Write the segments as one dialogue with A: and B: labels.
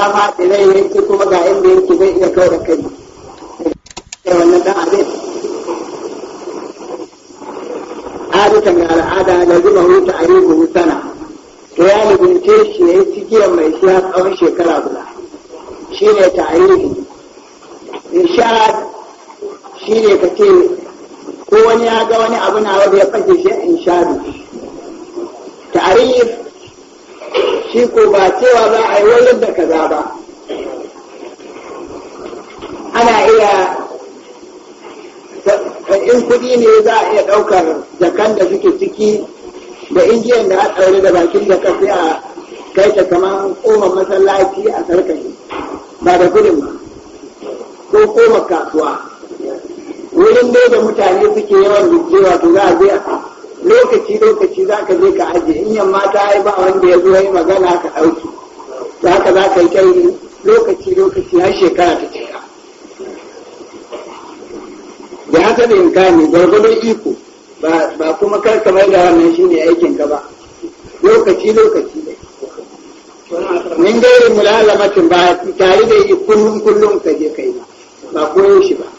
A: ya faɗi rai yake kuma ga inda yake zai iya kawo da kai da wannan dan abin adatan ga al'ada da zuba hutu a yi sana to ya lubince shi ya yi cikiyar mai shi har tsawon shekara guda shi ne ta ayyuki irshad shi ne ka ce ko wani ya ga wani abu na wanda ya fashe shi in shadu ta'arif shi ko ba cewa za a yi wayar da kaza ba ana iya in kuɗi ne za a iya ɗaukar jakan da suke ciki da injiyan da a da bakin da sai a kai ta kamar koma masallaci a sarkari ba da gudun ba ko koma kasuwa wurin dai da mutane suke yawan gujewa to za a zai a lokaci lokaci za ka je ka ajiye in yamma ta yi ba wanda ya zo yi magana ka ɗauki za ka za ka yi kai lokaci lokaci har shekara ta cika da haka da ne gwargwadon iko ba kuma kar ka mai da wannan shi ne aikin ka ba lokaci lokaci ne min dai mulalamatin ba tare da yi kullum kullum ka je kai ba ba koyo shi ba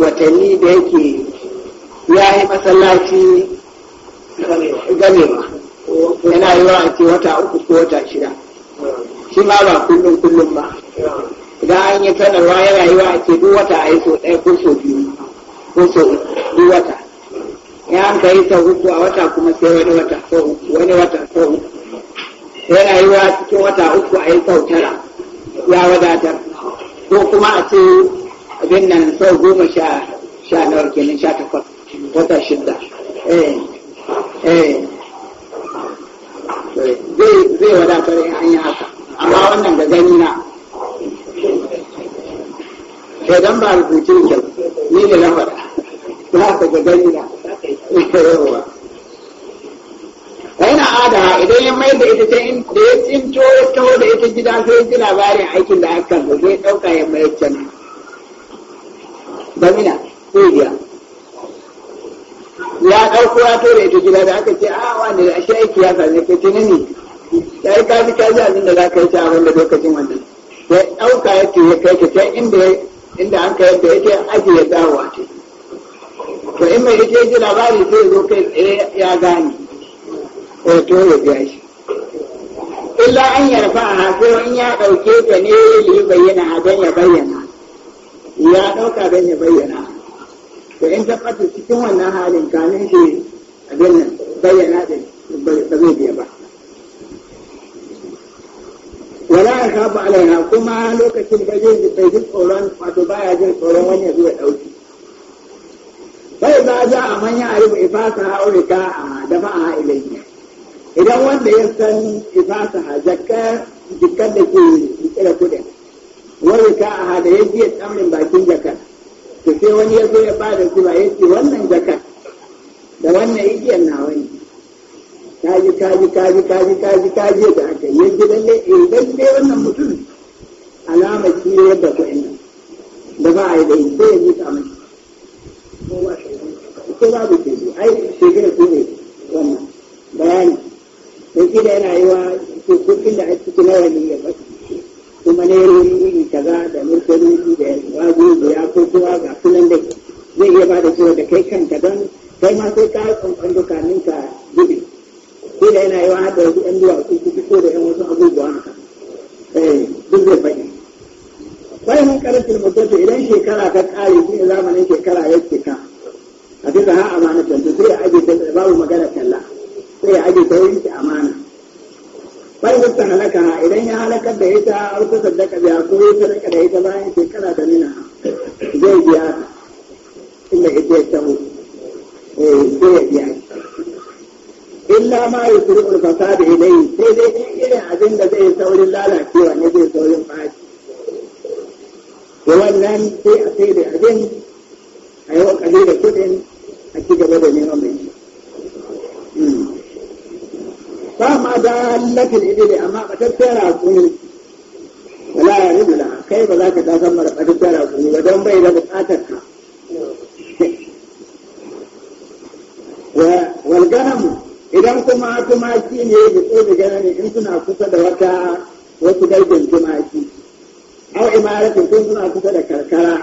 A: watanni da yake ya yi masallaci gamewa yana yi wa ce wata uku ko wata shida shi ma ba kullum kullum ba idan an yi sanarwa yana yi wa ce duk wata a yi so ɗaya ko so biyu ko so duk wata ya an ka yi ta uku a wata kuma sai wani wata ko uku wani wata ko. uku yana yi wa cikin wata uku a yi sau tara ya wadatar ko kuma a ce abin nan sau goma sha sha nawa kenan sha takwas wata shida eh, eh eh zai zai wadatar in an yi haka amma wannan da gani na idan ba rubutun kyau ni ne na faɗa za ka ga gani na yawa yana ada idan ya mai da ita ta in da ya tsinto ya taho da ita gida sai ya ji labarin aikin da aka zai ɗauka ya mai can bamina indiya ya ɗauko ya tore ita gida da aka ce a ah, wani da shi aiki ya same ka ce nini ya yi kaji kaji abin da za ka yi ta abin da lokacin wannan ya ɗauka ya ce ya kai ta inda inda an ka yadda ya ce aji ya dawo a ce to in mai ita ji labari sai zo kai tsaye ya gane ko to ya biya shi illa an yarfa a sai in ya ɗauke ta ne ya bayyana a don ya bayyana ya ɗauka don ya bayyana to in tabbata cikin wannan halin kanin shi a nan bayyana da ba zai biya ba wala ya sabu alaina kuma lokacin da zai bai ji tsoron wato ba ya jin tsoron wani ya zo ɗauki bai za za a manya a rufe ifasa haure ka a dafa a ilayya idan wanda ya san ifasa a jakar da ke kira kudin wani ka da hada ya biya tsamrin bakin jakar to sai wani ya zo ya ba da kuma ya ce wannan jakar da wannan igiyar na wani kaji kaji kaji kaji kaji kaji da aka yi ji lalle eh lalle wannan mutum alama ce yadda kuɗin nan da ba a yi da sai ya ji tsamrin ko babu ce ai shekara ko ne wannan bayani don kila yana yi wa cututtukin da ake cikin rawani ya fasu kuma na yin iri kaza da musulunci da wazo da ya ko kowa ga filin da zai iya ba da cewa da kai kanka don kai ma sai ka kwanfan dukanin ka gudu ko da yana yawa da wasu yan duwa su ko da yan wasu abubuwa haka eh, duk zai faɗi bayan karantar mutunta idan shekara ta ƙare shi ne zamanin shekara ya cika a bisa ha amana tantu sai ya ajiye ta babu magana talla sai ya ajiye ta wurin amana bai wata halaka idan ya halakar da ita har wata sadaka da ko ya sadaka da ita bayan shekara da nuna zai biya inda ita ya eh sai ya biya illa ma ya turu ul da ilai sai dai irin abin da zai saurin lalacewa ne zai saurin faci wannan sai a sai da abin tataccen raƙumi wala ya rubu da kai ba za ka ta san mara tataccen raƙumi ba don bai da buƙatar ka ganam idan kuma tumaki ne ya fito ganani in suna kusa da wata wasu garken tumaki au imaratin kun suna kusa da karkara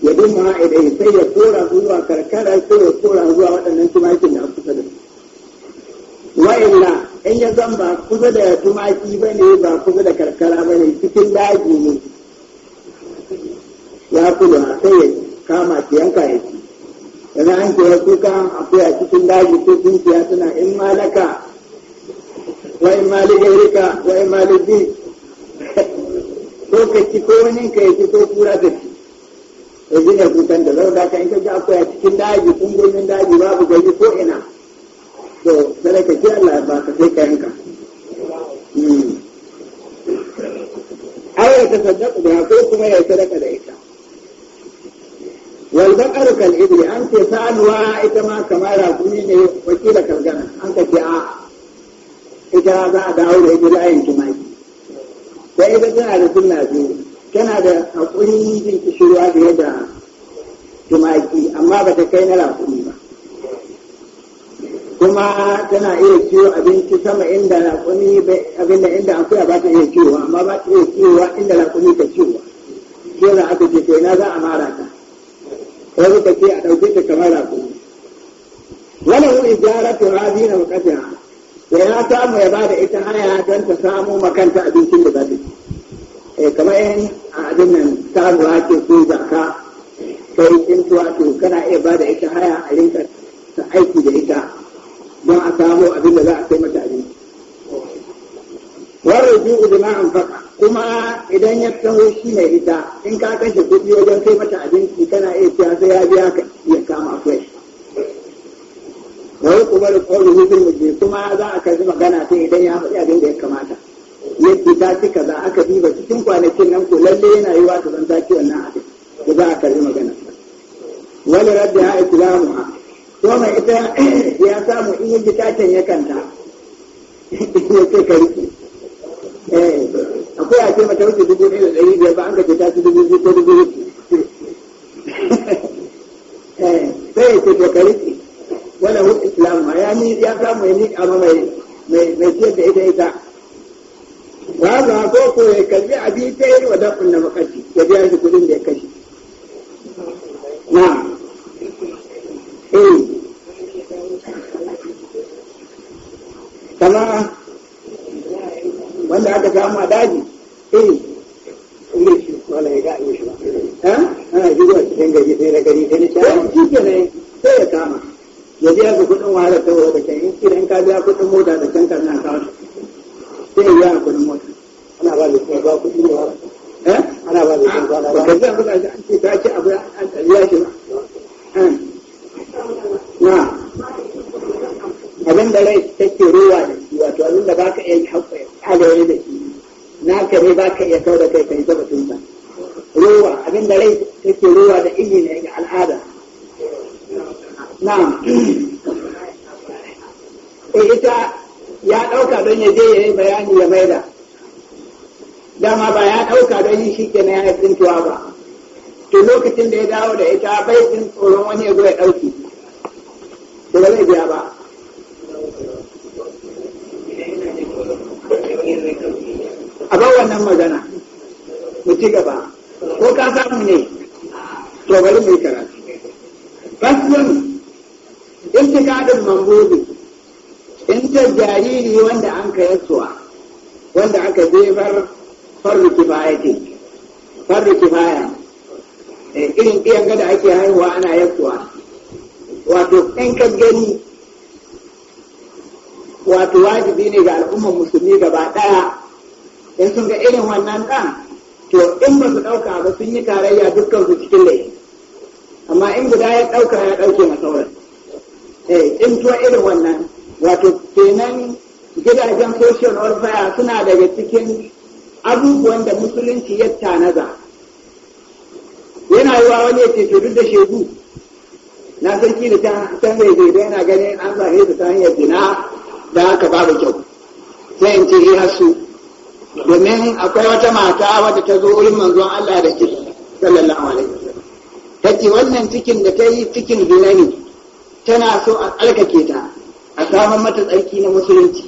A: ya dumma idan sai ya kora zuwa karkarar san ba kusa da tumaki ba ne ba kusa da karkara ba ne cikin daji ne ya kula sai ya kama ki yanka ya ci yana an kira kuka akwai a cikin daji ko tunkiya suna in malaka wa in ya wa in maligi ko ka ci ko wani ka ya ci ko kura ka ci ya zina ne kukan da zau da ka in ka ji akwai a cikin daji kungumin daji babu gari ko ina to sai ka ce Allah ba ka sai ka yanka hmm. ai ta sadaka da ko kuma ya sadaka da ita wal baqaru kal ibri an ce sa'alwa ita ma kamar rakumi ne wakila kalgana an ka ce a ita za a dawo da ita layin tumaki sai ita tana da sunna biyu tana da hakuri jin kishirwa da yadda tumaki amma ba ta kai na rakumi ba kuma tana iya kiwo abinci sama inda raƙumi abinda inda akuya ba ta iya kiwo amma ba ta iya kiwo inda lakuni ta kiwo ke za aka ce ke na za a mara ta ko ta ce a ɗauke ta kamar lakuni wani wuri gyara to rabi na bukata da ya samu ya bada ita haya don ta samu makanta abincin da ba ta ci eh, kamar a abin nan taruwa ke ko zaka kai tsintuwa to kana iya bada ita haya a rinka aiki da ita don a samu abin da za a kai mata abinci warar ku da ma'an faka kuma idan ya tsawo shi mai ita in ka kashe kuɗi wajen kai mata abinci kana iya cewa sai ya biya ka ya kama kai. Wani kuma da kawai hukun muje kuma za a karbi magana sai idan ya faɗi abin da ya kamata yadda ta ci kaza aka diba cikin kwanakin nan ko lalle yana yi wa ta zanta ciwon nan abin da za a karbi magana wani rabbi aiki lamu ha kuma ita ya samu in yi jikacin ya kanta ya ce ka riƙe eh, akwai a ce mata wuce dubu ɗaya da ɗari biyar ba an ga ke ta dubu biyu ko dubu uku eh, sai ya ce to ka riƙe wala hu islam ya ni ya samu ya miƙa ma mai mai mai ce da ita ita ba za ko ko ya kalli abin ta yi wa dafin na makashi ya biya shi kuɗin da ya kashi na'am eh kama wanda aka samu a daji eh ne shi wala ya ga shi ba ha ana zuwa cikin gari sai na gari sai na shawara shi ke ne sai ya kama ya biya su kuɗin wahalar ta wata can in kira in ka biya kuɗin mota da can kan na kawo sai ya biya kuɗin mota ana ba da kuma ba kuɗin wahala ana ba da kuma ba da ba da biya kuɗin an ce ta ce abu an tsariya shi ba da take ruwa da shi wato abin da baka iya halaye da shi ka ne baka iya kau da kai kai zama tunsa ruwa abin da rai take ruwa da iyi ne ga al'ada na eh, ita ya ɗauka don ya je ya yi bayani ya maida dama ba ya ɗauka don yi shi na ya tsintuwa ba to lokacin da ya dawo da ita bai jin tsoron wani ya zo ya ɗauka kibiyan gada ake haihuwa ana yankuwa wato in ka gani wato wajibi ne ga al'ummar musulmi gaba ɗaya in sun ga irin wannan ɗan to in ba su ɗauka ba sun yi tarayya dukkan su cikin laifi amma in guda ya ɗauka ya ɗauke na sauran eh in tuwa irin wannan wato kenan gidajen social welfare suna daga cikin abubuwan da musulunci ya tanaza ya ce ke da shegu na sarki da ta mai daidai yana ganin an zahe da ta hanyar zina da ba babu kyau sai in ce ya su domin akwai wata mata wadda ta zo wurin manzon Allah da ke sallallahu alaihi wasallam ta ce wannan cikin da ta yi cikin zina ne tana so a tsarkake ta a samun mata tsarki na musulunci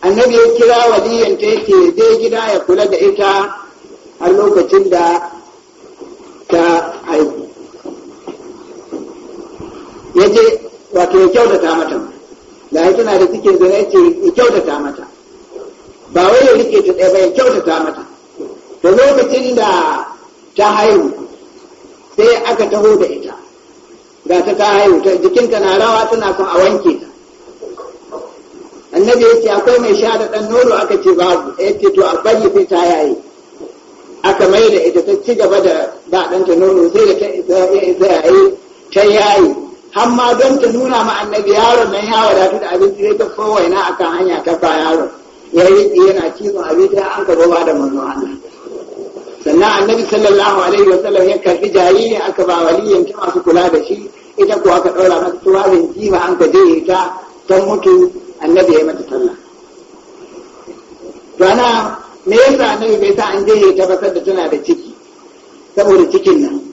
A: annabi ya kira waliyanta yake zai gida ya kula da ita har lokacin da je wato ya kyautata mata da ya tana da cikin zina ya ce ya kyautata mata ba wai ya rike ta ɗaya ba ya kyautata mata da lokacin da ta haihu sai aka taho da ita ga ta ta haihu jikinta na rawa tana son a wanke ta annabi ya ce akwai mai sha da ɗan nono aka ce babu ya ce to a bari sai ta yaye aka mai da ita ta ci gaba da ba ɗanta nono sai da ta isa ya yi ta hamma don ta nuna ma annabi yaron nan ya wadatu da abinci ne ta kowai na akan hanya ta sa yaron ya riƙe yana cizon abinci an ka da manzon Allah sannan annabi sallallahu alaihi wa sallam ya karbi jariri aka ba waliyan ta masu kula da shi ita kuwa aka ɗaura masu tuwalin jima an ka je ta ta mutu annabi ya mata sallah rana me yasa annabi bai sa an je ta ba da tana da ciki saboda cikin nan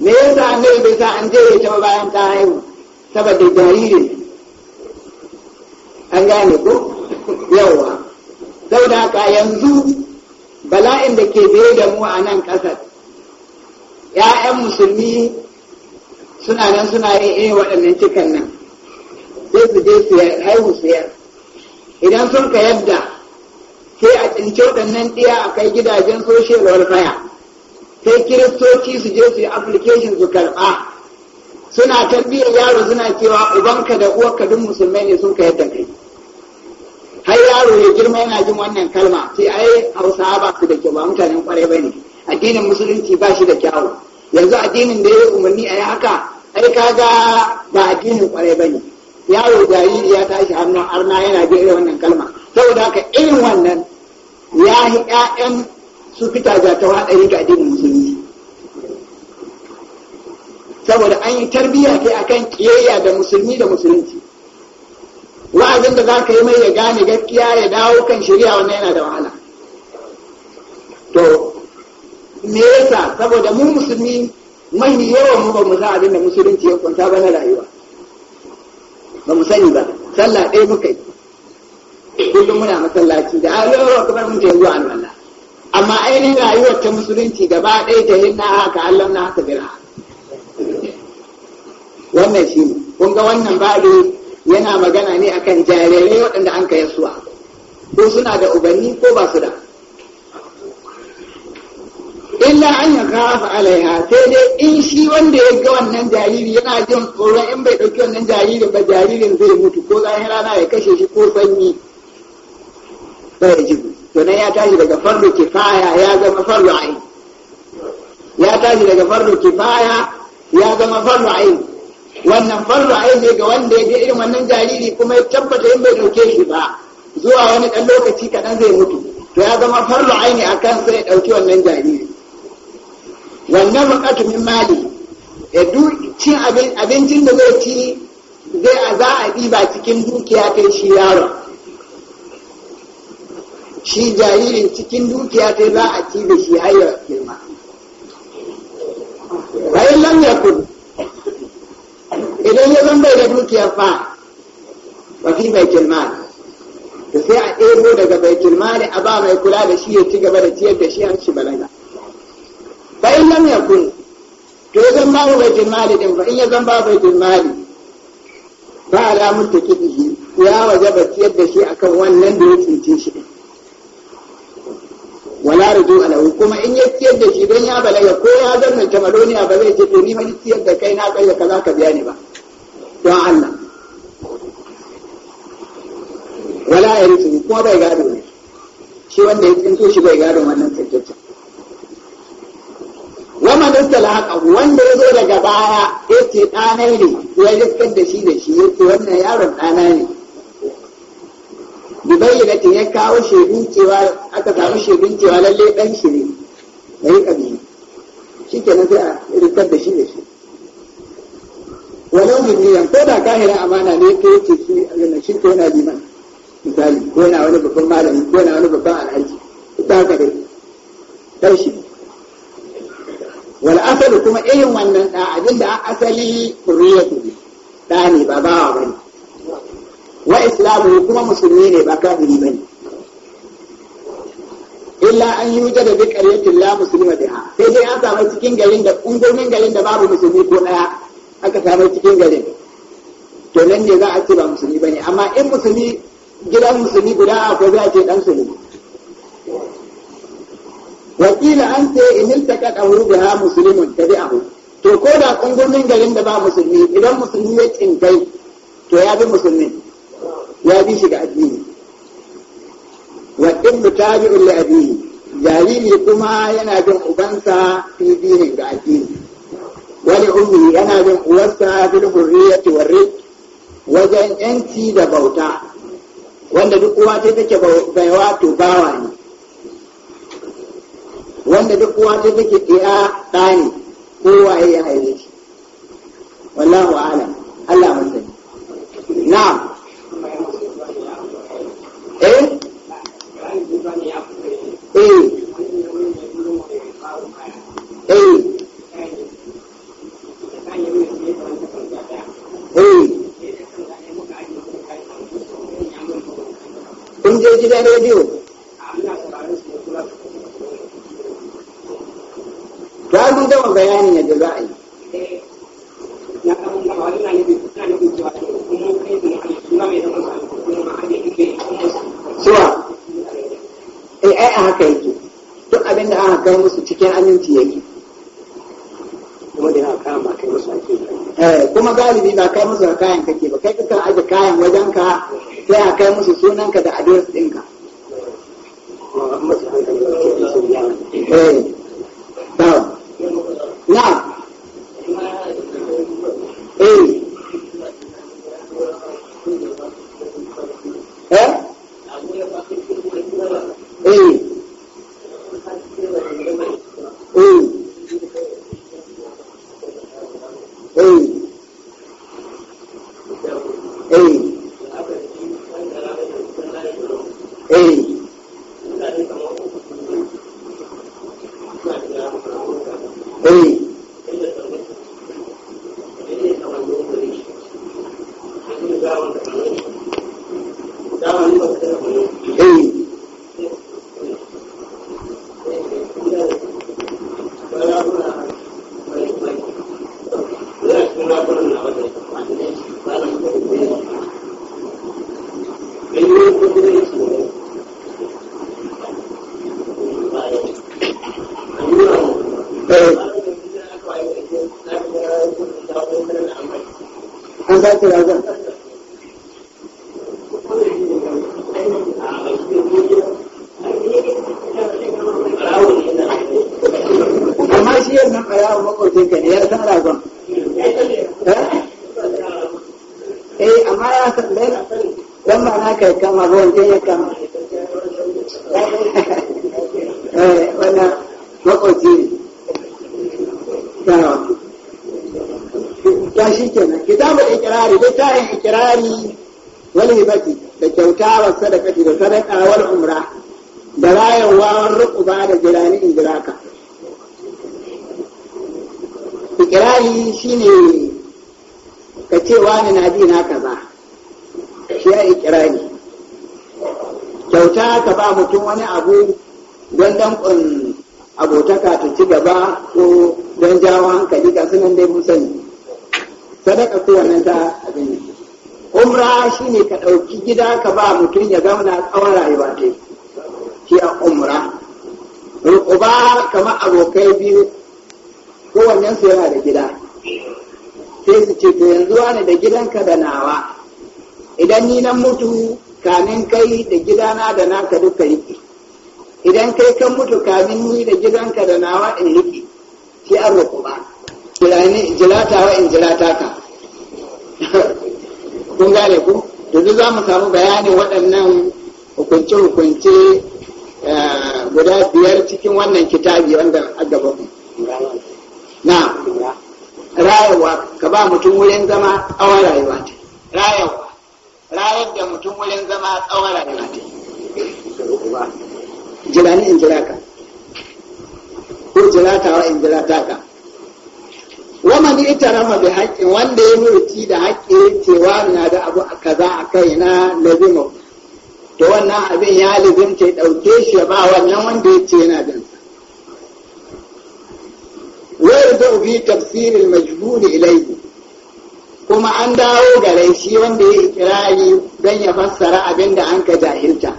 A: me yasa annabi bai sa an je jere ta bayan ta haihu saboda jariri an gane ko yawa da haka yanzu bala'in da ke biye da mu a nan ƙasar ‘ya'yan musulmi suna nan suna yin irin waɗannan cikan nan sai su je su haihu yar idan sun ka yadda sai a tsinci waɗannan ɗiya a kai gidajen social welfare sai kiristoci su je su yi application su karɓa suna tarbiyyar yaro suna cewa ubanka da uwarka duk musulmai ne sun ka yadda kai har yaro ya girma yana jin wannan kalma sai ai Hausa ba su da kyau ba mutanen kwarai ba ne addinin musulunci ba shi da kyawu yanzu addinin da ya umarni a yi haka ai ka ga ba addinin kwarai ba ne yaro jariri ya tashi hannun arna yana jin irin wannan kalma saboda haka irin wannan ya yi 'ya'yan su fita za ta haɗari ga addinin musulmi saboda an yi tarbiyya kai akan kiyayya da musulmi da musulunci wa'azin da za ka yi mai ya gane gaskiya ya dawo kan shari'a wannan yana da wahala to me yasa saboda mu musulmi mahi yawan mu ba mu za abin da musulunci ya kwanta ba na rayuwa ba mu sani ba sallah ɗaya muka yi kullum muna masallaci da a yau kamar mun ce zuwa Allah. amma ainihin rayuwar ta musulunci gaba ɗaya ta hinna haka Allah na haka bira wannan shi ne ga wannan babu yana magana ne akan jarirai waɗanda an kai suwa ko suna da ubanni ko ba su da illa an ya kafa alaiha sai dai in shi wanda ya ga wannan jariri yana jin tsoron in bai ɗauki wannan jaririn ba jaririn zai mutu ko zahira rana ya kashe shi ko sanyi ya jibu to ya tashi daga fardu kifaya ya zama fardu ain ya tashi daga fardu kifaya ya zama fardu ain wannan fardu ain ne ga wanda ya je irin wannan jariri kuma ya tabbata in bai dauke shi ba zuwa wani dan lokaci kaɗan zai mutu to ya zama fardu ain a kan sai ya dauki wannan jariri wannan buƙatu min mali ya cin abincin da zai ci zai a za a ɗiba cikin dukiya kai shi yaron shi jaririn cikin dukiya ta za a ci da shi hayar girma bayan lam yakun idan ya zan bai da dukiya fa ba fi mai girma da sai a ɗebo daga bai girma ne a ba mai kula da shi ya ci gaba da ciyar da shi an shi balaga bayan lam yakun to ya zan babu bai girma ne din ba in ya zan babu bai girma ne ba alamun ta kiɗi ya waje ba ciyar da shi akan wannan da ya cince shi wala rujo ala kuma in ya ciyar da shi don ya balaga ko ya zanna kamaroniya ba zai ce to ni mani ciyar da kai na kai da kaza ka biya ni ba don Allah wala ya rutu kuma bai gado ne shi wanda ya tsinto shi bai gado wannan tsintaccen wama nustala haka wanda ya zo daga baya ya ce ɗanai ne ya riskar da shi da shi ya ce wannan yaron ɗana ne bi bayyana ta ya kawo shaidu cewa aka samu shaidun cewa lalle dan shi ne ya yi kabili shi ke nan sai a rikar da shi da shi walau hijriyan ko da kahirin amana ne ta yace shi a ganin shi ko yana liman misali ko na wani babban malami ko na wani babban alhaji ita haka dai dan shi wal asali kuma irin wannan da abinda asali kuriyatu ne da ne ba bawa bane wa islamu kuma musulmi ne ba kafiri bane illa an yi wuce da bi qaryatin la muslima biha sai dai an samu cikin garin da ungomin garin da babu musulmi ko ɗaya aka samu cikin garin to nan ne za a ce ba musulmi bane amma in musulmi gidan musulmi guda a ko za a ce dan sulmi wakila an ce in iltaka musulmin ta bi abu. to ko da ungomin garin da ba musulmi idan musulmi ya cinkai to ya bi musulmin ya bi shi ga addini wa ibnu tabi'un li addini jariri kuma yana bin ubansa fi dini ga addini wani ummi yana bin uwarsa bil hurriyati war wajen yanci da bauta wanda duk uwa ta take baiwa to bawa ne wanda duk uwa ta take iya ɗa kowa ya haife shi wallahu a'lam Allah mun sani. na'am
B: Eh? eh eh eh
A: kun je gidan rediyo ya eh. mun gama bayanin za yi na da wani na kuma kai da mai zama cewa eh ai haka yake duk abin da aka kai musu cikin aminci yake kuma da aka kama kai musu ake eh kuma galibi ba kai musu kayan kake ba kai kakan aje kayan wajen ka sai a kai musu sunanka da address ɗinka
B: ka eh, na eh eh eh
A: wani wani baki da kyauta wa sadaka da sadaka wal umra da rayarwa wal ba da jirani in jiraka ikirari shine ka ce wani na bi na kaza shi ya ikirari kyauta ka ba mutum wani abu don dankon gida ka ba mutum ya zauna tsawon rayuwa ce shi a umra rukuba kamar abokai biyu su yana da gida sai su ce to yanzu wani da gidanka da nawa idan ni nan mutu kamin kai da gidana da naka duka riƙe idan kai kan mutu kamin ni da gidanka da nawa in riƙe shi an rukuba jilata wa in jilata ka kun gane ku yanzu za mu samu bayanin waɗannan hukunce-hukunce eh, guda biyar cikin wannan kitabi wanda a gaban na rayuwa ka ba mutum wurin zama tsawon rayuwa ta rayuwa rayar da mutum wurin zama tsawon rayuwa ta jira ni in jira ka ko jira wa in jira ta ka waman itarafa bi haƙƙin wanda ya mulki da haƙƙi cewa na da abu a kaza a kai na to wannan abin ya lazimce ɗauke shi ya ba wannan wanda ya ce yana bin sa Wai da ubi tafsirin majbuni ilaihi kuma an dawo gare shi wanda ya ikirari don ya fassara abin da an ka jahilta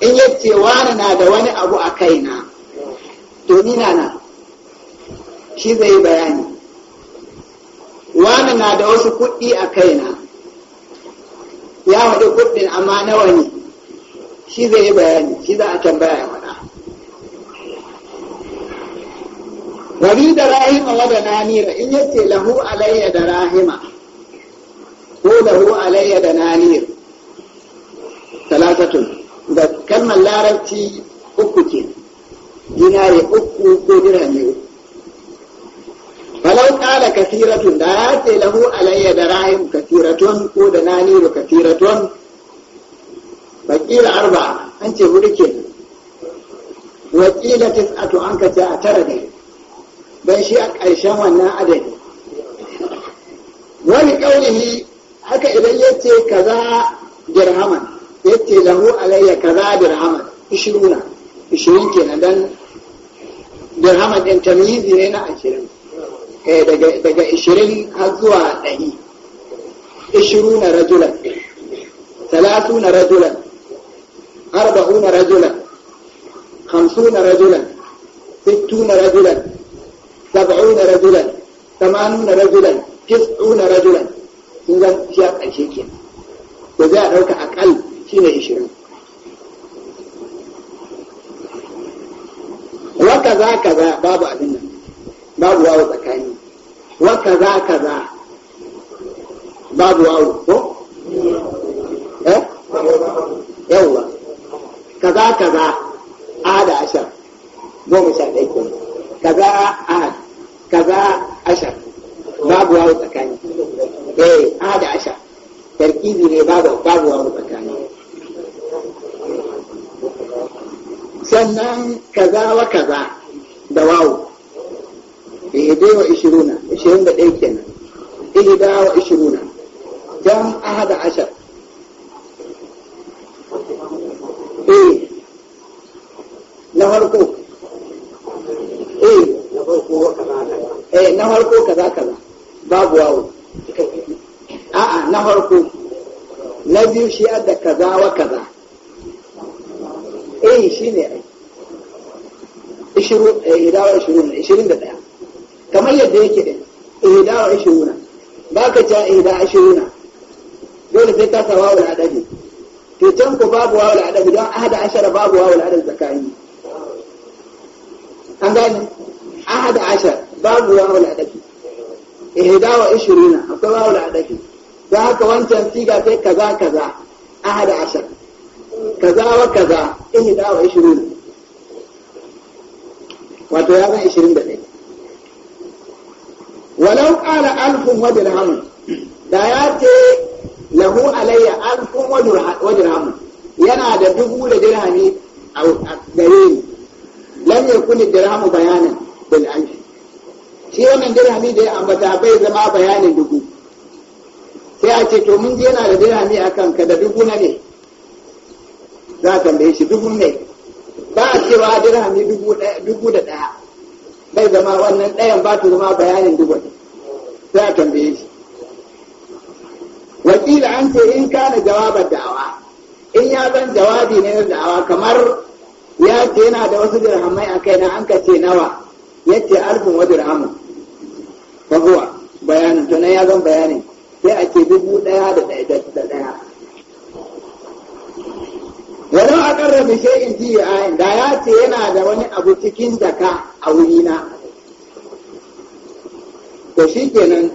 A: in ya ce wani na da wani abu a kaina to nina na shi zai bayani wani na da wasu kuɗi a kaina ya haɗu kuɗin amma nawa ne shi zai yi bayani shi za a tambaya ya faɗa wani da rahima wa na nira in yace lahu alayya da rahima ko lahu alayya da nira talatatun da kalmar larabci uku ke dinare uku ko dirhami uku walau kala kasiratun da ya ce lahu alayya da rahim kasiratun ko da naniru kasiratun bakila arba an ce hudu ke wakila tis'atu an ka a tara ne don shi a ƙarshen wannan adadi wani ƙaunihi haka idan ya ce kaza ya ce lahu alayya kaza dirhaman ishiruna ishirin kenan don dirhaman ne na ashirin daga 20 har zuwa 100 ishiru na rajulan talatu na rajulan arba'u na rajulan hamsu na rajulan sittu na rajulan saba'u na rajulan samanu na rajulan tis'u na rajulan sun zan fiya ƙarshe ke da za a ɗauka aƙal shi ne ishirin waka za ka za babu abin nan babu wawo tsakani wa kaza kaza babu wawu ko eh yawwa kaza kaza ada ashar goma sha ɗaya kenan kaza ahad kaza ashar babu wawu tsakani eh ahad ashar tarkibi ne babu babu wawu tsakani sannan kaza wa kaza da wawu إهدي وإشرون إشرون بأيكنا إهدا وإشرون جام أحد عشر إيه نهركو إيه إيه نهركو كذا كذا باب واو آه, آه، نهركو نبي شيء كذا وكذا إيه شيء إيه إشرون إيه إشرون إشرين kamar yadda yake din ihda wa ashiruna ba ka ja ihda ashiruna dole sai ka sawa wal adadi to can ku babu wa wal adadi don ahada ashara babu wa wal adadi zakani an gane ahada ashara babu wa wal adadi ihda wa ashiruna akwai wa wal adadi don haka wancan siga sai kaza kaza ahada ashara kaza wa kaza ihda wa ashiruna wato ya zan ɗaya. walau ƙara alfun wa dirhamun da ya ce lahu alayya yana da dubu da dirhami a gare ni lam yakun dirhamu bayanan bil wannan dirhami da ya ambata bai zama bayanin dubu sai a ce to mun je yana da dirhami a kanka da dubu na ne za a tambaye shi dubu ne ba a cewa dirhami dubu da ɗaya bai zama wannan ɗayan ba ta zama bayanin dubon sai a tambaye shi wakila an ce in kana jawabar da'awa in ya zan jawabi ne na da'awa kamar ya ce yana da wasu dirhamai a kai na an ka ce nawa ya ce alfin wa dirhamu ba bayanin to na ya zan bayanin sai a ce dubu ɗaya da ɗaya wala a ƙarra bi in fi ayin da ya ce yana da wani abu cikin jaka a wurina to shi kenan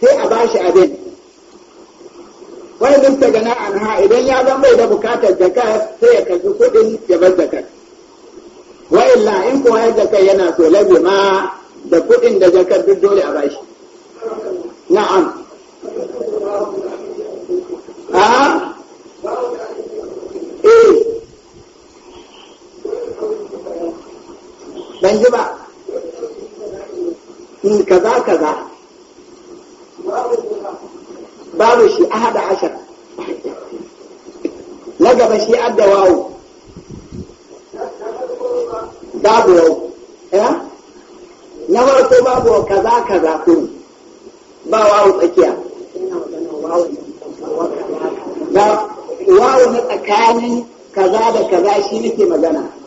A: sai a bashi abin wani duk gana an anha idan ya zan bai da bukatar jaka sai ya karbi kuɗin ya bar zakar wa illa in kuwa ya zakar yana so labe ma da kuɗin da jakar duk dole a bashi na'am in kaza kaza babu shi ahada ashar na gaba shi adda wawo babu wawo ya na farko babu kaza kaza kuru ba wawo tsakiya ba wawo na tsakanin kaza da kaza shi nake magana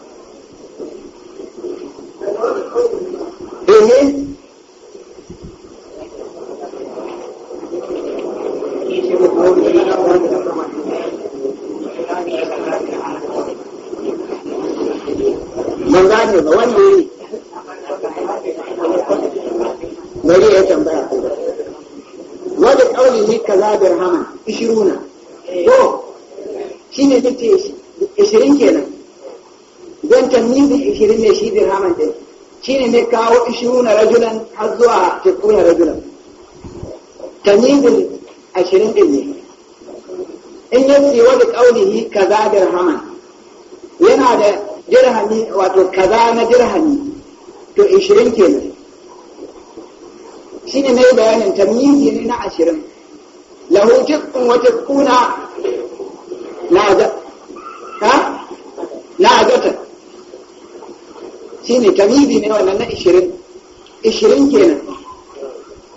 A: hamshuna rajulan har zuwa tekuna ashirin din ne in ya wani ƙaunihi kaza dirhaman yana da dirhami wato kaza na dirhami to ashirin kenan shine mai bayanin tamyizi ne na ashirin lahu tikkun wa na ne na ashirin ishirin kenan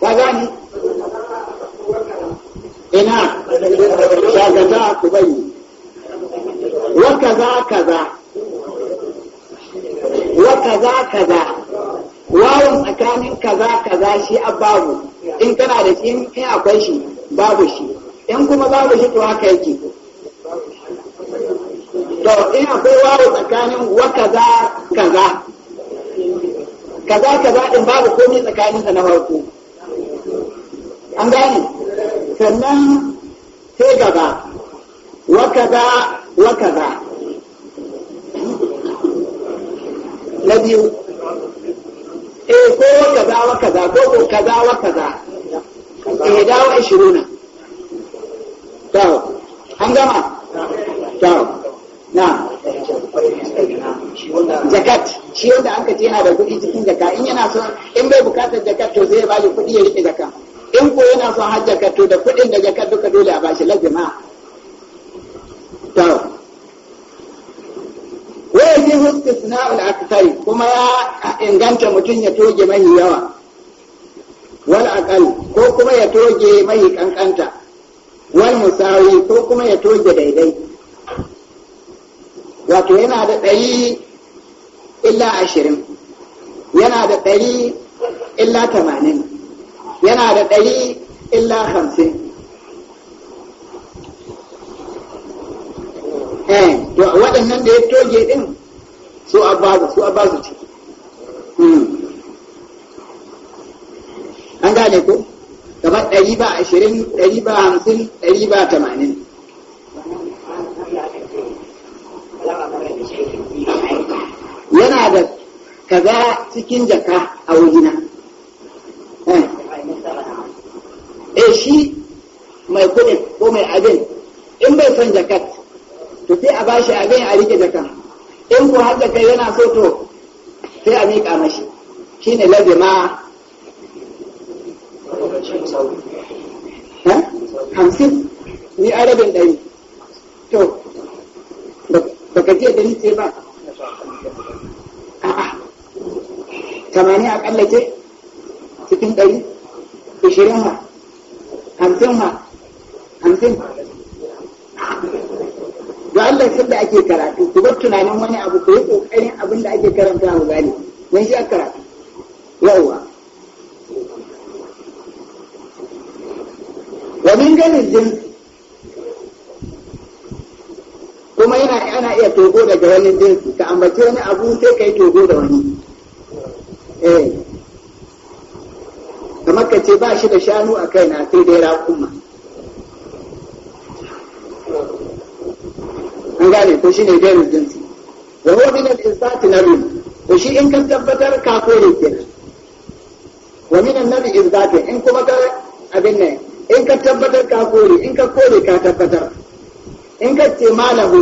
A: ka gani ina shagata ku bari wa kaza kaza wa kaza kaza wawan tsakanin kaza kaza shi babu in kana da shi in akwai shi babu shi in kuma babu shi to haka yake to in akwai wawan tsakanin wa kaza kaza kaza kaza din babu komai tsakanin da na farko an gane sannan sai gaba wa kaza wa kaza na biyu eh ko wa kaza wa kaza ko ko kaza wa kaza eh dawo 20 mutum ya toge mahi yawa wal akal ko kuma ya toge mahi kankanta wal musawi ko kuma ya toge daidai wato yana da ɗari illa ashirin yana da ɗari illa tamanin yana da ɗari illa hamsin eh to waɗannan da ya toge ɗin su Abba su ce gane ko kamar ɗari ba ashirin ɗari ba hamsin ɗari ba tamanin yana da kaza cikin jaka a wajina eh. eh shi mai kudin ko mai abin in bai son jakat to sai a bashi abin a rike jakan in ko har kai yana so to sai a miƙa mashi Shi ne lazima ha hamsin ni a rabin ɗari to ka je da ni ce ba a'a a akalla ce cikin ɗari ishirin ha hamsin ha hamsin ga Allah sun da ake karatu ku bar tunanin wani abu ku yi ƙoƙarin abin da ake karanta mu gane don shi a karatu yawwa ومن ganin الجنس kuma yana ana iya togo daga wani jinsi ka ambaci wani abu sai ka yi togo da wani eh kamar ka ce ba shi da shanu a kai na sai dai raƙuma an gane ko shi ne dai jinsi wa huwa min al-insati nabiyun to shi in kan tabbatar ka kore kenan wa min an-nabi in kuma ka abin ne. in ka tabbatar ka kore in ka kore ka tabbatar in ka ce malahu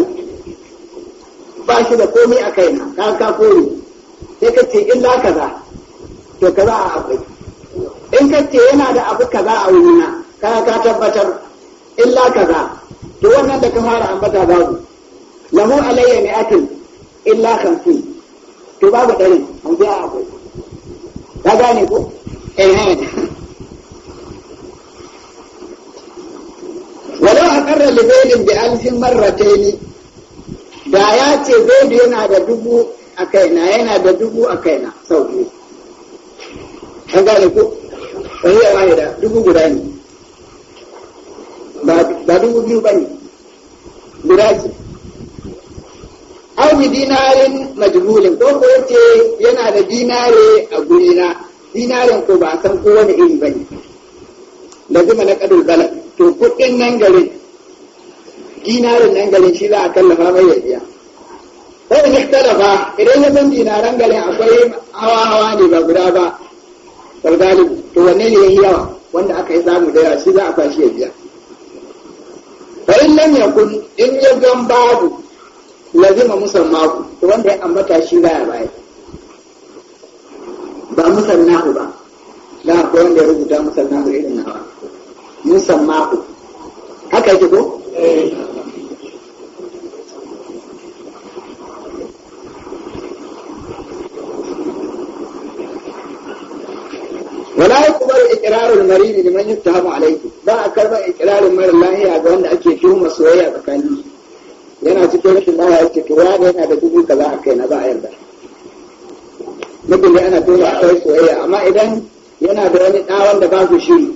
A: ba shi da komai a kaina ka ka kore sai ka ce illa kaza to kaza a akwai in ka ce yana da abu kaza a wurina ka ka tabbatar illa kaza to wannan da ka fara ambata babu lahu alayya mi'atin illa khamsin to babu ɗari an biya akwai ka gane ko eh marra da da alfin marra da ya ce zaidu yana da dubu a kaina yana da dubu a kaina sau biyu an gane ko wani yawa ne da dubu guda ne ba dubu biyu ba ne guda ce auni dinarin majhulin ko ko ce yana da dinare a gurina dinarin ko ba san ko wani iri bane da zuma na kadul bala to kudin nan garin dinarin nan garin shi za a kallafa mai ya biya wani ikhtalafa idan ya san dinaran garin akwai hawa hawa ne ba guda ba sau galibi to wanne ne ya yi yawa wanda aka yi samu da yawa shi za a fashi ya biya fa in ya kun in ya gan babu lazima musan ku to wanda ya ambata shi ba ya baya, ba nahu ba da akwai wanda ya rubuta nahu irin nawa musan ku haka yake ko eh. wala yaqbalu iqrarul marid liman yuttahamu alayhi ba a karba iqrarin mara lahiya ga wanda ake tuhuma soyayya tsakanin yana cikin rashin ya yake to ya yana da dubu kaza a kai na ba yarda mutum ana tuhuma akwai soyayya amma idan yana da wani ɗa wanda ba su shiri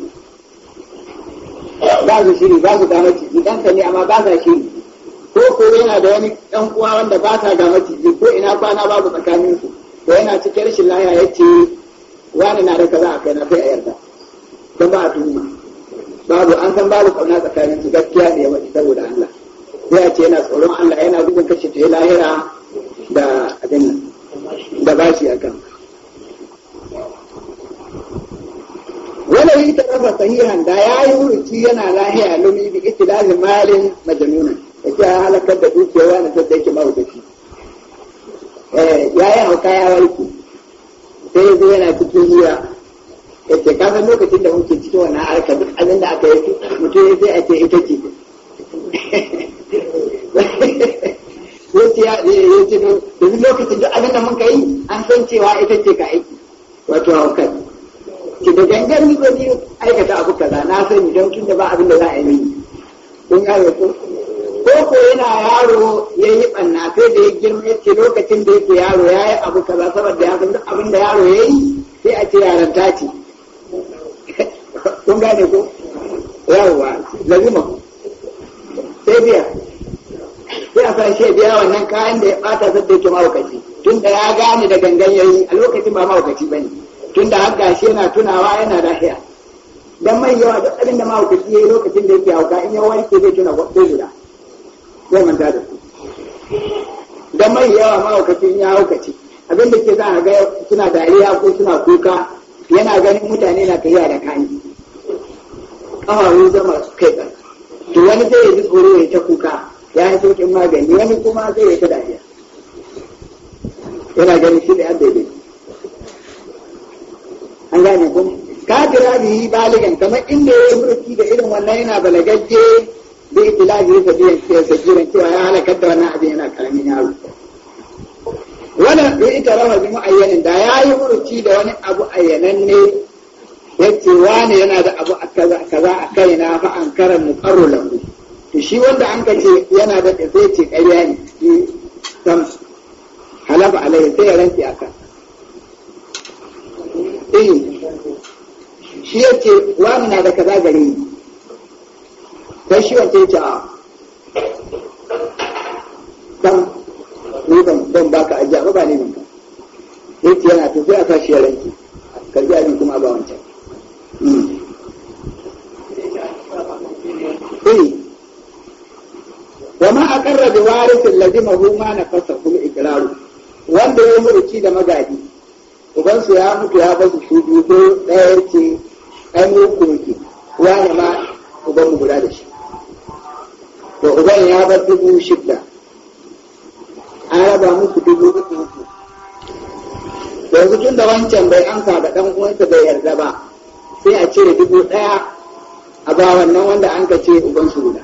A: ba su shiri ba su gama ciki dan ka ne amma ba sa shiri ko ko yana da wani ɗan uwa wanda ba sa gama ciki ko ina kwana babu tsakaninsu to yana cikin rashin lahiya yace wani na da kaza a kai sai a yarda ba a tuhuma babu an san babu kauna tsakanin su gaskiya ne ya mace saboda Allah sai a ce yana tsoron Allah yana gudun kashe ta lahira da abin da bashi a kan wala yi ta rafa sahihan da ya yi huruci yana lahiya lumi bi itilali malin majanuna da ke halakar da dukiya wani sadda yake mahaukaci eh, ya yi hauka ya warke sai zai yana cikin hira ya ce kasan lokacin da muke cikin wannan harka duk abin da aka yi mutum ya sai a ce ita ce ya eh, ce domin lokacin duk abin da muka yi an san cewa ita ce ka aiki wato haukar ki da gangan ni ko aikata abu kaza na sani don tun da ba abin da za a yi kun gane ko yana yaro ya yi ɓanna sai da ya girma ya ce lokacin da yake yaro ya yi abu kaza saboda ya san abin da yaro ya yi sai a ce yaran ta ce kun gane ko yawwa lalima sai biya sai a san shi biya wannan kayan da ya ɓata sai da yake mawakaci tun da ya gane da gangan ya yi a lokacin ba mawakaci ba ne tun da haka shi yana tunawa yana lahiya dan mai yawa duk abin da mahaukaci ya yi lokacin da yake hauka in ya warke zai tuna guda zai manta da su don mai yawa mahaukacin ya haukaci abin da ke za a ga suna dariya ko suna kuka yana ganin mutane na tafiya da kani ƙafafu zama su kai ɗan to wani zai yi tsoro ya ta kuka ya yi sauƙin magani wani kuma zai yi ta dariya yana ganin shi da yan bebe an gane kuma da yi baligan kamar inda ya yi mulki da irin wannan yana balagagge da itilaji fa biyan ke sagiran cewa ya halakar da wannan abin yana karamin yaro wannan bi ita rawa bi mu'ayyanin da ya yi furuci da wani abu ya ce, wani yana da abu kaza kaza a na fa an karan karo lambu." to shi wanda an kace yana da zai ce ƙarya ne sam halaba alaihi sai ya rantsi akan eh shi ce, wani na da kaza gare ni kai shi wancan ce a dan ni ban ban baka ajiya ba ba ne min ka yana to sai a kashi ya ranki karbi abin kuma ba wancan hmm. eh wa ma aqarra bi warithin lazima hu ma nafasa kul iqraru wanda ya murci da magadi ubansu ya mutu ya basu su biyu ko ɗaya ce an yi hukunci wani ma uban mu guda da shi to uban ya bar dubu shida an raba musu dubu uku uku yanzu tun da wancan bai amsa da ɗan uwansa bai yarda ba sai a cire dubu ɗaya a ba wannan wanda an ka ce uban su guda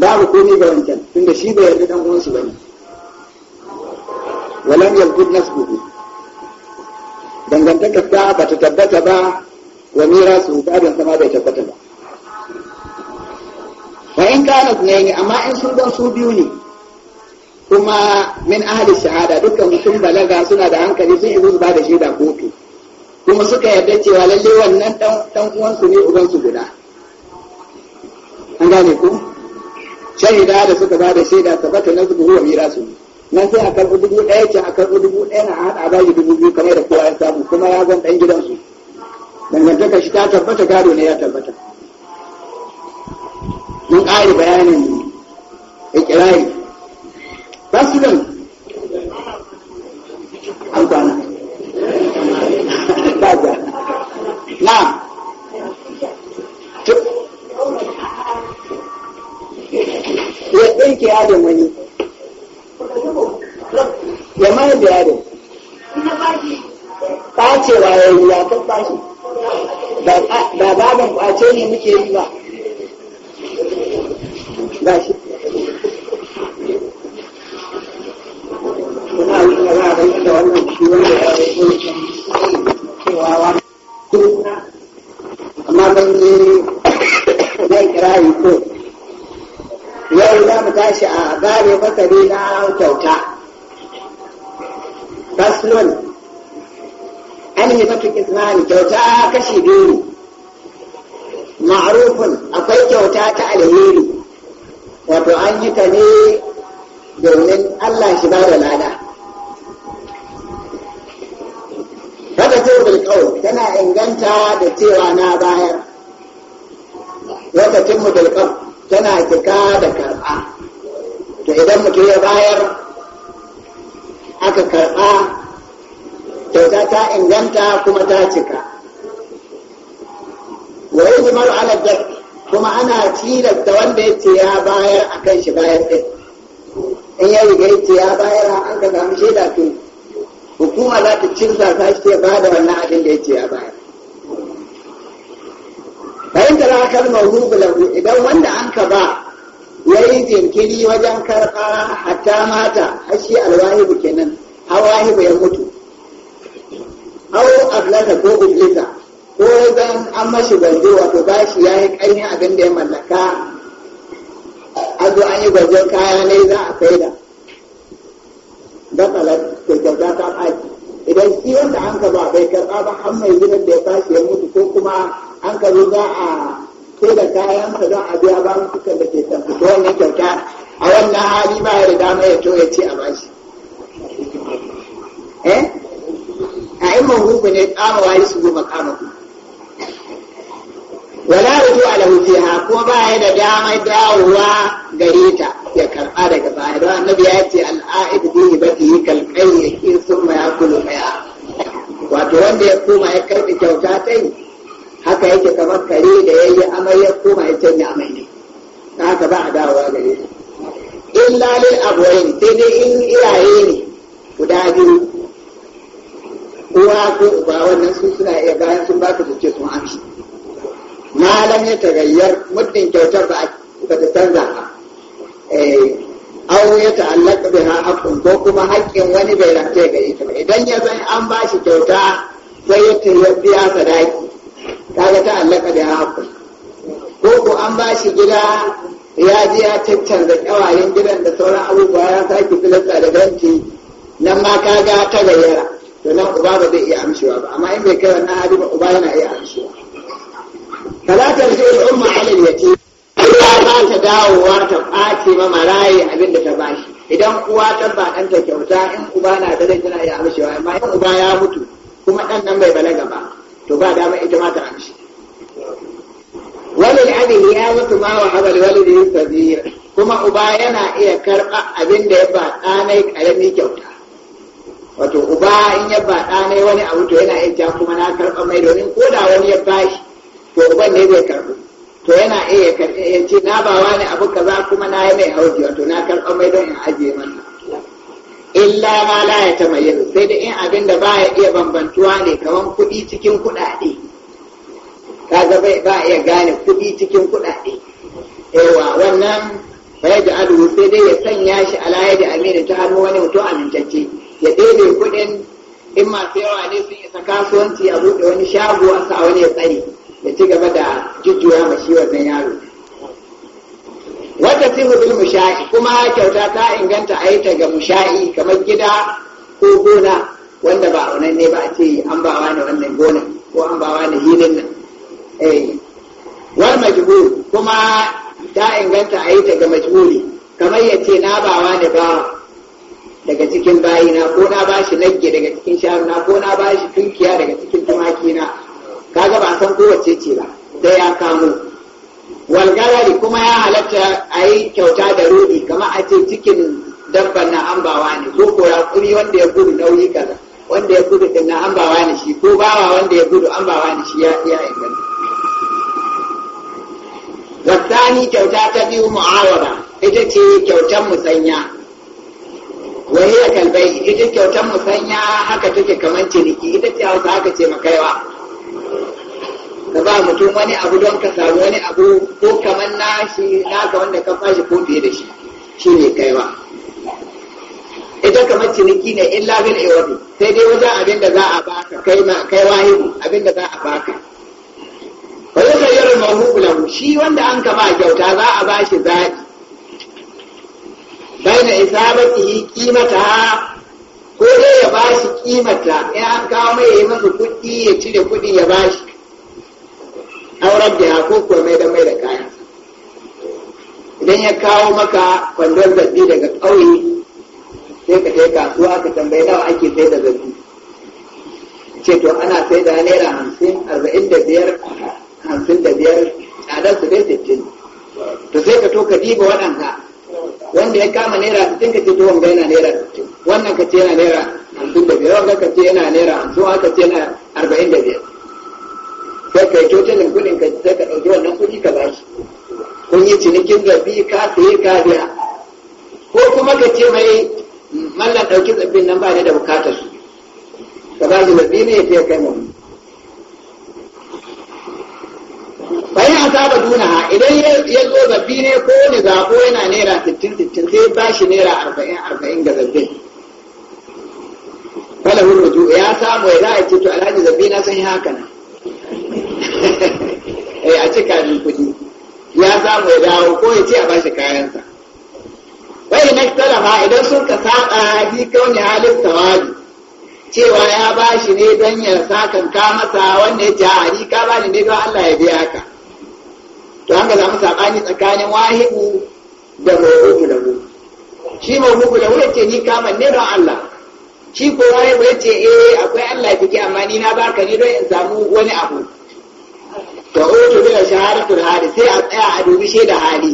A: babu komai ga wancan tunda shi bai yarda ɗan uwansu ba ne walam yalgud nasbuhu dangantakar ta ba ta tabbata ba wa mira su babin sama bai tabbata ba wa in kana ne amma in sun zan su biyu ne kuma min ahli shahada dukkan sun balaga suna da hankali sun izo su ba da shaida kofi. kuma suka yarda cewa lalle wannan dan uwansu ne su guda an gane ku shahida da suka ba da shaida tabbata na zubu wa mirasu nan sai a karɓi dubu ɗaya ce a karɓi dubu ɗaya na haɗa ba dubu biyu kamar da kowa ya samu kuma ya zan ɗan gidansu dangantaka shi ta tabbata gado ne ya tabbata mun ƙari bayanin ikirari ba su nan an kwana na ya ɗinke yadon wani ya da yadon ɓacewa ya yi ya kan ɓace ba babin ƙwace ne muke yi ba tashi muna yi da za
B: a bayyana da wannan shi wanda ya yi mulkin cewa wani kuma
A: amma ban yi na ikirari ko yau za mu tashi a gane fasari na kyauta faslon an yi mafi kismani kyauta kashi biyu ne ma'arufin akwai kyauta ta alheri wato an yi ta ne domin Allah shi ba da lada haka tebul kawai tana inganta da cewa na bayar lokacin mudulkan tana cika da karɓa to idan mutum ya bayar aka karɓa kyauta ta inganta kuma ta cika Wai yi jimar kuma ana tilasta wanda ya ce ya bayar a kan shi bayar ɗin in ya riga ya ce ya bayar an ka samu shaida to hukuma za ta cirza ta shi ba da wannan abin da ya ce ya bayar bayan da za kalmar idan wanda an ka ba ya yi jinkiri wajen karɓa hatta mata har shi alwahibu kenan hawahibu ya mutu hau ablata ko uflita ko zan an mashi gwaje wato bashi ya yi ƙarfin abin da ya mallaka A zo an yi kaya ne za a kai da dakalar kyauta ta ɓaci idan shi wanda an ka ba bai karɓa ba an mai gidan da ya bashi ya mutu ko kuma an ka zo za a kai da kayan kayansa don a biya ba mutukan da ke kan fito wannan kyauta a wannan hali ba ya da mai ya to ya ce a bashi eh a yi mun ne kama yi su zo kama wala rujuwa ala fiha kuma ba ya da damar dawowa gare ta ya karba daga baya don annabi ya ce al'aid bihi baki kalqai in summa yakulu maya wato wanda ya koma ya karbi kyauta tai haka yake kamar kare da yayi amai ya koma ya canja amai ne haka ba a dawowa gare ta illa lil abwain sai dai in iyaye ne guda biyu uwa ko uba wannan su suna iya bayan sun baka ka ce sun amshi ma ya tagayyar muddin kyautar ba ba ta canza ba eh, au ya ta'allaka ha haqqun ko kuma haƙƙin wani bai rance ga ita ba idan ya san an ba shi kyauta sai ya biya sadaki kaga ta'allaka ha haqqun ko ko an ba shi gida ya ji ya caccanza kyawayen gidan da sauran abubuwa ya saki filasta da ganti nan ma kaga ta gayyara to nan uba ba zai iya amshiwa ba amma in bai kai wannan hali ba uba yana iya amshiwa. فلا ترجع الأمة على اليتيم Allah ba ta dawowa ta ɓace ma maraye abin da ta bashi idan uwa ta ba ɗan ta kyauta in uba na da zai tana iya amshewa amma in uba ya mutu kuma ɗan nan bai balaga ba to ba dama ita ma ta amshi wani abin ya mutu ma wa habal wani da yusuf kuma uba yana iya karɓa abin da ya ba ɗanai ƙarami kyauta wato uba in ya ba ɗanai wani abu to yana iya kuma na karɓa mai domin ko da wani ya bashi to ne zai karɓi to yana iya karɓi ya ce na ba wani abu za kuma na yi mai hauji wato na karɓa mai don in ajiye mana illa ma la ya tamayyazu sai da in abin da ba ya iya bambantuwa ne kamar kuɗi cikin kuɗaɗe ga bai ba iya gane kuɗi cikin kuɗaɗe yawa wannan bai da alu sai dai ya sanya shi ala yadi amina ta hannu wani mutum amintacce ya ɗebe kuɗin in masu yawa ne sun isa kasuwanci a buɗe wani shago a sa wani ya tsare ya ci gaba da jujjuya ma shi wannan yaro wata sihu bil musha'i kuma kyauta ta inganta a yi ta ga musha'i kamar gida ko gona wanda ba aunan ne ba a ce an ba wa ne wannan gona ko an ba wa ne hilin nan eh wal majhul kuma ta inganta a yi ta ga majhuli kamar ya ce na ba wa ne ba daga cikin bayina ko na ba shi nagge daga cikin sharuna ko na ba shi tunkiya daga cikin tumakina kaga ba a san kowace ce ba sai ya kamo Walgarari kuma ya halatta a yi kyauta da rodi kamar a ce cikin dabban na ambawa ne ko ko kuri wanda ya gudu nauyi kaza wanda ya gudu din na ambawa ne shi ko bawa wanda ya gudu ambawa ne shi ya iya inganta wasani kyauta ta biyu mu'awara ita ce kyautar musanya ya kalbai ita kyautar musanya haka take kamar ciniki ita ce hausa haka ce makaiwa ka ba mutum wani abu don ka samu wani abu ko kamar nashi naka wanda ka fashi ko fiye da shi shi ne kaiwa ita kamar ciniki ne in labin iwabi sai dai wajen abin da za a baka kai ma kai wahibu abin da za a baka ba yau sai yaron mahubu lahu shi wanda an ka ba kyauta za a ba shi zaɓi bai na isabatihi kimata ko dai ya ba shi kimata in an kawo mai yi masa kuɗi ya cire kuɗi ya ba shi aurar da ya ko mai da mai da kaya idan ya kawo maka kwandon zabi daga ƙauye sai ka kai kasuwa ka tambayi nawa ake sai da zabi ce to ana sai da naira hamsin arba'in da biyar hamsin da biyar tsadar su dai sittin to sai ka to ka diba waɗanka wanda ya kama naira sittin ka ce to wanga yana naira sittin wannan ka ce yana naira hamsin da biyar wanga ka ce yana naira hamsin wanga ka ce yana arba'in da biyar sai ka kyautar da kudin ka sai ka ɗauki wannan kudi ka ba shi kun yi cinikin zabi ka saye ka biya ko kuma ka ce mai mallan ɗauki zabbin nan ba ne da bukatar su ka ba shi zabbi ne ya kai mu bayan an saba ha idan ya zo zabbi ne ko wani zaɓo yana naira sittin-sittin sai ba shi naira arba'in-arba'in ga zabbin Kala hurmutu ya samu ya za a ce to alhaji zabbi na san haka na Eh, a cika min kuɗi ya samu ya dawo ko ya ce a bashi kayansa wai na ma idan sun ka saƙa bi kauni halin tawali cewa ya bashi ne don ya sakan ka masa wanda ya ce a ni ka bani ne don Allah ya biya ka to an ga samu saɓani tsakanin wahibu da mawuku da mu shi mawuku da mu ya ce ni kama ne don Allah shi ko wahibu ya ce eh akwai Allah ya fi amma ni na baka ne don in samu wani abu da hoto da shaharatul hali sai a tsaya a dubi shaida hali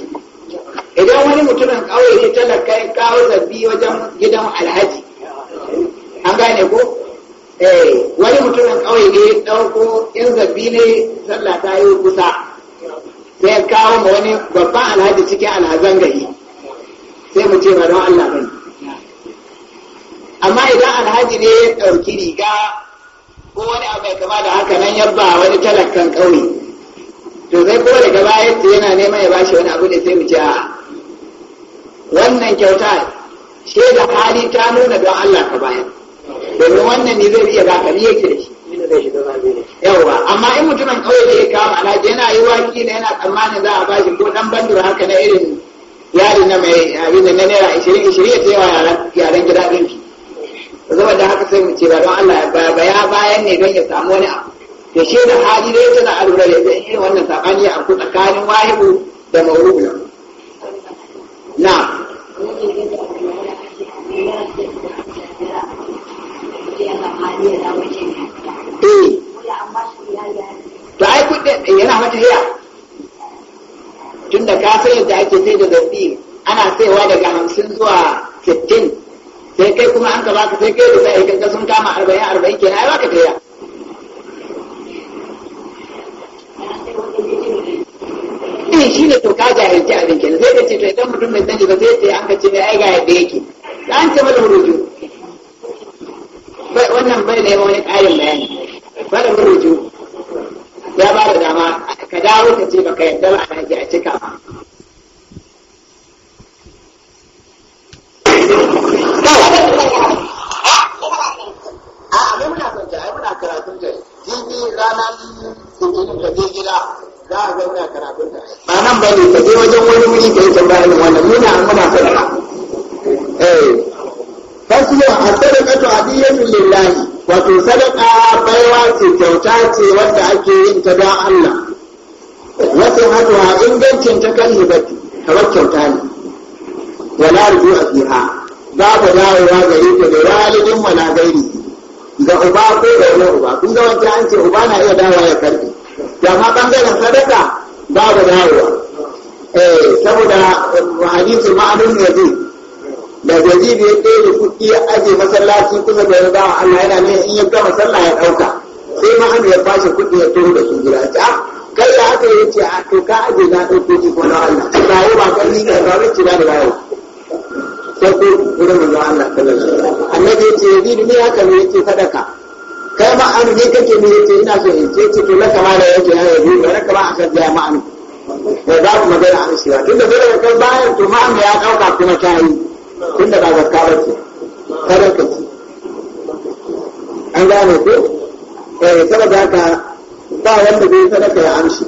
A: idan wani mutumin ƙauye ne talaka ya kawo zabbi wajen gidan alhaji an gane ko eh, wani mutumin ƙauye ne ya ɗauko in zabbi ne sallah ta yi kusa sai ya kawo ma wani babban alhaji cikin alhazan gari sai mu ce ba don Allah bane amma idan alhaji ne ya ɗauki riga ko wani abu kama da haka nan yabba wani talakan ƙauye to sai kuma daga baya ce yana neman ya bashi wani abu da sai mu ce a wannan kyauta she da hali ta nuna don Allah ka bayan. domin wannan ne zai iya baka ni yake da shi yauwa amma in mutumin kawai da ya kama alhaji yana yi waki na yana tsammanin za a bashi ko dan da haka na irin yari na mai abin da na naira ishirin ishirin ya tsayawa yaren gida ɗinki da haka sai mu ce ba don Allah ya bayan ne don ya samu wani abu ya da hali da yake da alura ya yake irin wannan tsakani a auku tsakanin wahibu da mawrubu na eh to ai kudin eh, yana mata hiya Tunda ka sai da ake sai da zafi ana saiwa daga hamsin zuwa sittin sai kai kuma an ka baka sai kai da sai kan sun kama arba'in arba'in kenan ai baka taya sani shi ne to ka jahilci abin kenan sai ka ce to idan mutum mai sani ba sai ce an ka ce mai ai ga yadda yake da an ce mata rujo wannan bai da wani ƙarin bayani ba da rujo ya ba da dama ka dawo ka ce baka yadda ba a a cika ba a muna son ta ai muna karatun ta jini ka gida za a zauna karatun da ba nan ba ne ka je wajen wani wuri ka yi tambaya irin wannan muna muna sadaka eh fasiyo a sadaqatu adiyatun lillahi wato sadaka baiwa ce kyauta ce wanda ake yin ta don Allah wasu a ingancin ta kan hibatu kamar kyauta ne wala rujua fiha babu dawowa gare ta da walidin wala gairi ga uba ko da wani uba kun ga wancan an ce uba na iya dawowa ya karbe amma bangaren sadaka babu dawowa eh saboda eh, hadisin ma'anin yazid da yazid ya ɗaya kuɗi ya aje masallaci kusa da ya bawa Allah yana ne in ya gama sallah ya ɗauka sai ma'anin ya bashi kuɗi ya turo da su gida ta ah, kai da aka yi ce a ah, to ka aje na ɗauko ki ko na Allah ba yau ba kai ni ka ba wacce na da bayo sai ko gurin manzo Allah sallallahu alaihi wasallam annabi ya ce yazid ne haka ne yake sadaka kai ma an ne kake ne yake, ina so in ce ce to na kama da yake ne yi ba na kama aka ya ma an ba za ku magana an shi ba tunda dole ka bayan to ma an ya kauka kuma ta yi tunda ba zakka ba ce kada ka ci an gane ko eh saboda ka ba wanda zai sadaka ya amshi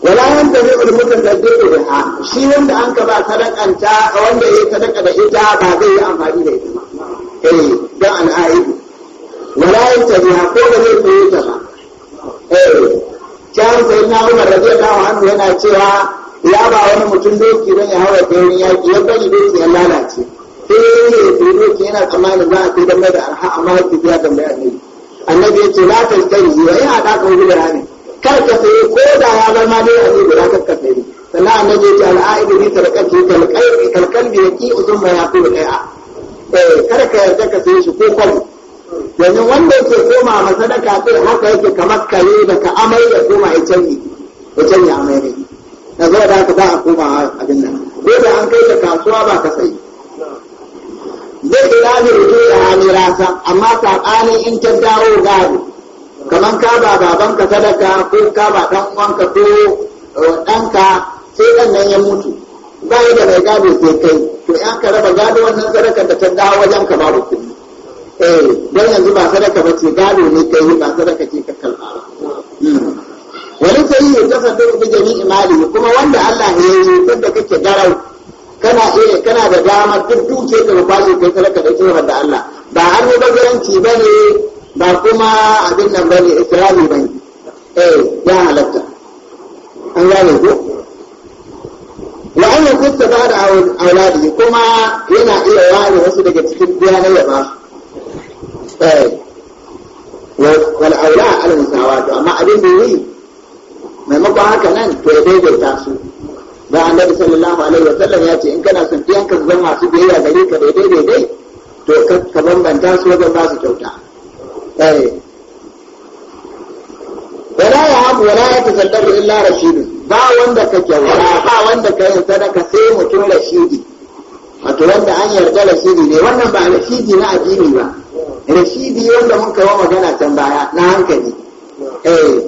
A: wala yan da zai wani mutum da zai da ha shi wanda an ka ba sadakanta wanda ya sadaka da ita ba zai yi amfani da ita ba eh dan al'aibu wala yin tabiya ko da zai koyi ta ba eh can sai na umar da zai radiyallahu hannu yana cewa ya ba wani mutum doki don ya hawa bayan yaki ya bari doki ya lalace sai ya yi doki yana tsammanin za a kai dan da arha amma har tafiya dan bai annabi annabi ya ce la talkari yi ya da kan gudu rani kar ka sayi ko da ya bar zama dai annabi guda kar ka sayi sannan annabi ya ce al'aidu ni talqati talqai kalkan bi yaki uzumma yaqulu qai'a ɗaya. kar ka yarda ka sayi shi ko kwalo yanzu wanda yake koma ma sadaka sai haka yake kamar kare da ka amai da koma ya canji ya canji amai ne da zai da haka ba a koma abin nan ko da an kai da kasuwa ba ka sai zai ila da rujo da hamirasa amma saɓanin in ta dawo gari kamar ka ba babanka sadaka ko ka ba ɗan ka ko eh, ɗanka sai ɗan nan ya mutu ba da mai gado sai kai to in ka raba gado wannan sadakar da ta dawo wajen ka babu kuɗi eh don yanzu ba sadaka ba ce gado ne ka yi ba sadaka ce ka karɓa hmm. wani ta yi ta sadar da jami'i mali kuma wanda Allah ya yi tunda kake garau kana iya kana da dama duk duke ka ba kwashe kai sadaka da tsoron da Allah ba an yi bazaranci ba ne ba kuma abin nan ba ne ikirari ba ne eh ya halatta an gane ko wa an yi kusa ba da auladi kuma yana iya ware wasu daga cikin biyanar ya ba su Eh, wal aula al musawa amma abin da yi maimakon haka nan to ya daidaita su ba da annabi sallallahu alaihi wa sallam ya ce in kana son ɗiyan su zama masu biyayya gare ka daidai daidai to ka bambanta su wajen ba su kyauta eh. wala ya abu wala ya tasaddaru illa rashidun ba wanda ka kyauta ba wanda ka yin sadaka sai mutum rashidi wato wanda an yarda rashidi ne wannan ba rashidi na addini ba rashidi wanda muka wa magana can baya na hankali eh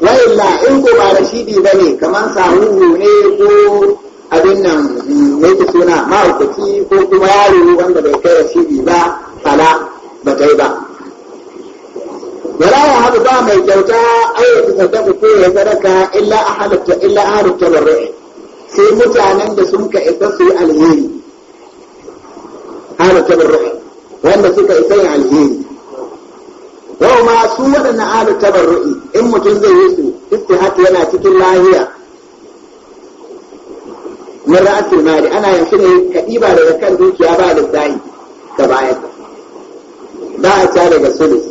A: wa'illa in ko ba rashidi ba ne kamar sahuhu ne ko abin nan mm, yake suna mahaukaci ko kuma yaro wanda bai kai rashidi ba fala ba ta yi ba wala ya haɗu ba mai kyauta ayyuka sadaka ko ya sadaka illa a halatta illa a halatta barre sai mutanen da sun ka isa su yi alheri halatta barre wanda suka isa yin alheri yau ma su waɗannan alu tabarru'i in mutum zai yi su istihati yana cikin lahiya min ra'atul mali ana yin ne kadiba daga kan dukiya ba lissahi ka baya. ba a ta daga sulus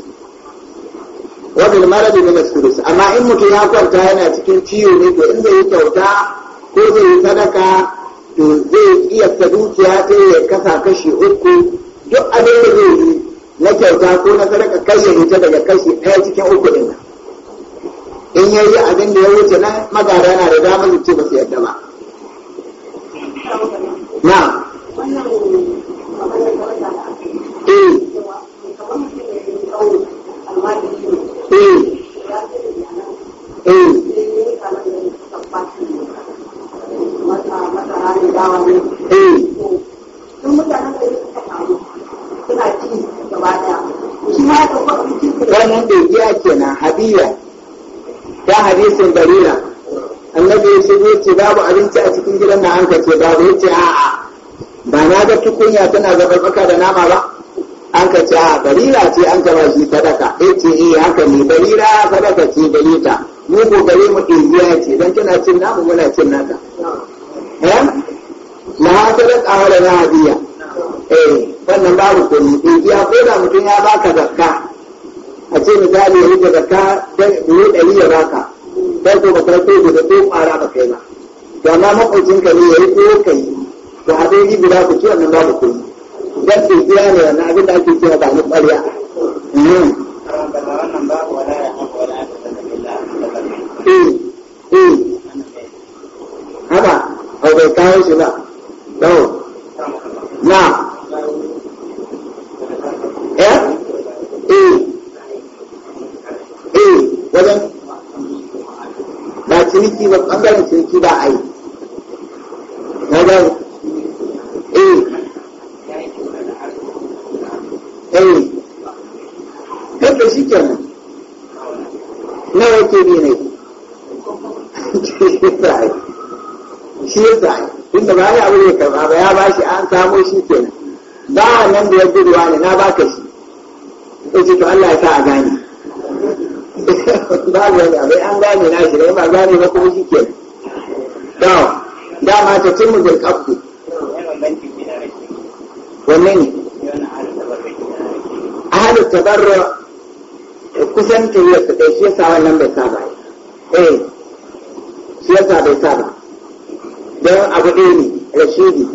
A: wa bil maradi sulus amma in mutum ya kwanta yana cikin ciwo ne to in zai yi kyauta ko zai yi sadaka to zai iya ta dukiya sai ya kasa kashi uku duk abin da zai yi na kyauta ko na sadaka kashe hita daga kashe ɗaya cikin uku ɗin nan in ya yi abin da ya wuce na magara na da damar ce ba su yadda ba na cikin gidan na hanka ce, ba zai ce a'a ba na ga tukunya tana baka da nama ba an ka ce a barira ce an ka bashi sadaka e ce e haka ne barira sadaka ce gare mu ko gare mu ɗibiya ce don kina cin namu muna cin nata na sadaka da na hadiya ce to Allah ya sa a gane ne wani abai an gane na shi da ba gane ba kuma shi ke dawa dama ta cin mu kafu wanne ne a halin tabarra kusan ta yi ta ɗai shi sa wannan bai saba eh shi ya sa bai saba don abu ɗaya ne rashidi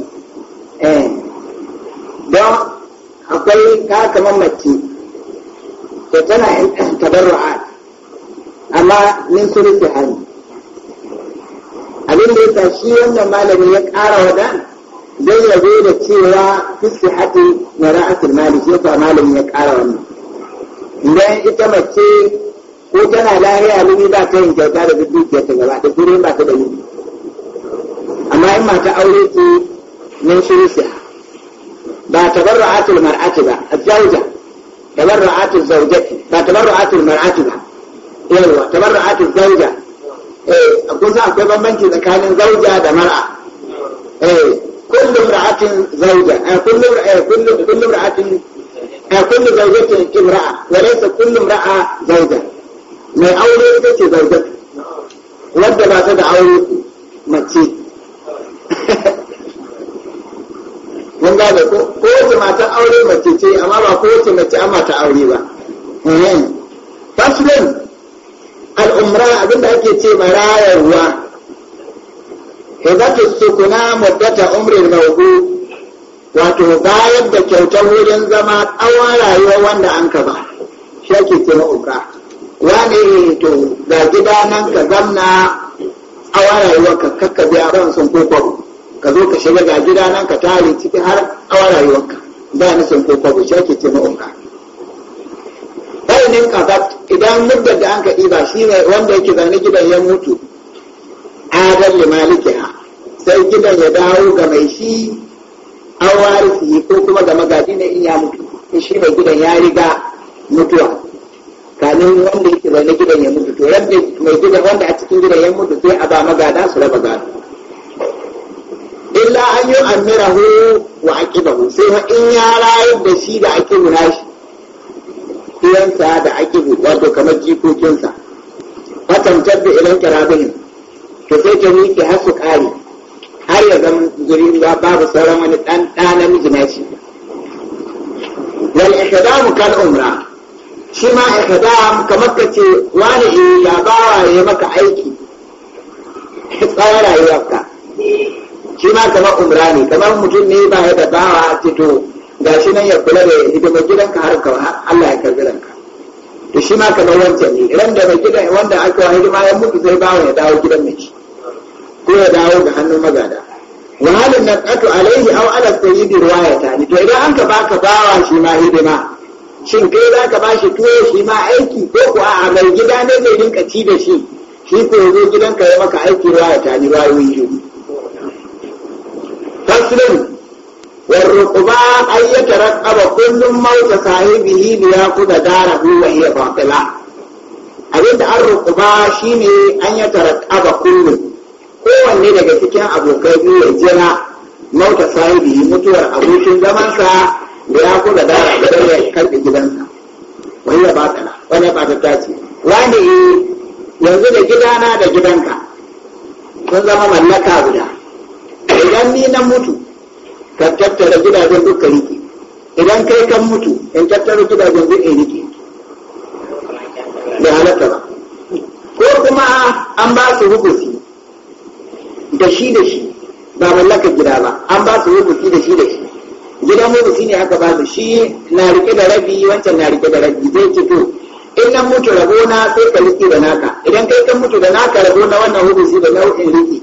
A: eh don akwai kakamar mace to tana tabarru'at amma min sulusi hali abin da yasa shi wannan malami ya ƙara wada zai yazo da cewa fiski hati na ra'asul mali shi yasa malami ya ƙara wa wannan idan ita mace ko tana lahiya lumi ba ta yin kyauta da dukiyar ta gaba da gure ba ta da lumi amma in mata aure ce min sulusi ba tabarru'atul mar'ati ba a azauja تبرعات الزوجة ما تبرعات المرأة ما ايوه تبرعات الزوجة ايه اكون ساعة كيف بمبنتي اذا كان زوجة هذا مرأة ايه كل امرأة زوجة إيه، كل امرأة إيه، كل كل امرأة إيه، كل زوجة امرأة وليس كل امرأة زوجة ما أول زوجة زوجة wadda ba ta da aure mace mun gane ko ko wace mata aure mace ce amma ba ko wace mace amma ta aure ba faslin al'umra abinda ake ce ma rayarwa hizatu sukuna muddata umrin mawdu wato bayar da kyautar wurin zama tsawon rayuwa wanda an ka ba shi ake ce ma wani to ga gida nan ka zamna tsawon rayuwa ka kakkabe a ran sun koko. ka zo ka shiga ga gida nan ka tare ciki har awa rayuwarka ba ni sun ko kwabo shi ake ce ma'unka ainihin kasa idan muddar da an ka ɗiba shi ne wanda yake zane gidan ya mutu adar limaliki ha sai gidan ya dawo ga mai shi an warisi ko kuma ga magaji ne in ya mutu in shi mai gidan ya riga mutuwa kanin wanda yake zaune gidan ya mutu to yadda mai gidan wanda a cikin gidan ya mutu sai a ba magada su raba gado illa an yi amirahu wa aqibahu sai fa in ya rayar da shi da aqibu shi. iyansa da aqibu wato kamar jikokinsa fatan tabbi ilan kirabihin to sai ta miƙe har su ƙare har ya zama guri babu sauran wani ɗan ɗa namiji na shi wal ihdamu kan umra shi ma ihdam kamar ka ce wani in eh, ya bawa ya maka aiki tsawon rayuwarka shi ma kamar umra ne kamar mutum ne ba ya da bawa to ga shi nan ya kula da hidimar gidanka har ka Allah ya karbi ranka to shi ma kamar wancan ne ran da gidan wanda aka wa hidima ya mutu sai bawa ya dawo gidan mace, ko ya dawo ga hannun magada wa halin nan qatu alaihi aw ala sayyidi riwayata ni to idan an ka baka bawa shi ma hidima shin kai za ka bashi tuwo shi ma aiki ko ko a mai gida ne zai dinka ci da shi shi ko zo gidanka ya maka aiki riwayata ni riwayoyi faslun warruquba ay yatarqaba kullum mauta sahibihi bi yaquda darahu wa hiya batila abinda arruquba shine an yatarqaba kullum kowanne daga cikin abokai biyu ya jira mauta sahibihi mutuwar abokin zamansa da yaquda da ya karbi gidansa wani ba ta tace wani yanzu da gidana da gidanka sun zama mallaka guda idan ni na mutu ka tattara gidajen duka riki idan kai kan mutu in tattara gidajen duka riki da halatta ba ko kuma an ba su hukusi da shi da shi ba mallaka gida ba an ba su hukusi da shi da shi gidan hukusi ne aka ba su shi na rike da rabi wancan na rike da rabi zai ci to in nan mutu rabo na sai ka rike da naka idan kai kan mutu da naka rabo na wannan hukusi da nau'in riki,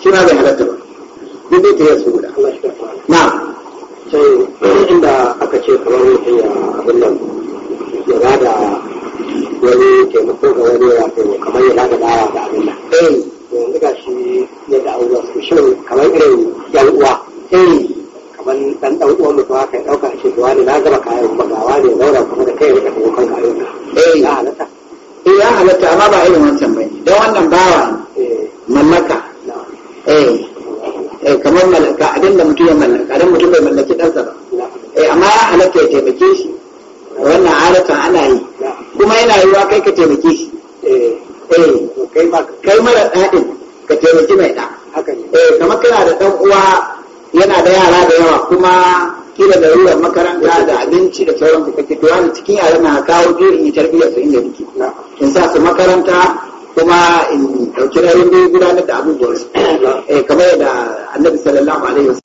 A: shi ma halatta ba duk zai tare su guda na inda aka ce kamar mutum ya abin
B: nan ya ba da wani taimako ga wani kamar ya da
A: abin nan eh yanzu ga shi yadda su shi kamar irin yan uwa eh kamar dan dan uwan mutum haka ya shi wani na gaba kayan zaura kuma da kai ya rika kayan ka eh ya halatta eh ya halatta amma ba irin wancan wannan bawa eh. mallaka eh Eh, kamar mallaka abin da mutum ya mallaka don mutum bai mallaki ɗansa ba eh, amma ya halatta ya taimake shi wannan halatan ana yi kuma yana yiwa kai ka taimake shi eh, kai mara ɗaɗin ka taimaki mai ɗa kamar kana da ɗan uwa yana da yara da yawa kuma kila da ruwan makaranta da abinci da sauran ku kake to wani cikin yaran na kawo biyu in yi tarbiyyar su inda nake in sa su makaranta kuma in ɗauki rayuwar gudanar da abubuwan eh, kamar yadda annabi sallallahu
B: alaihi wasallam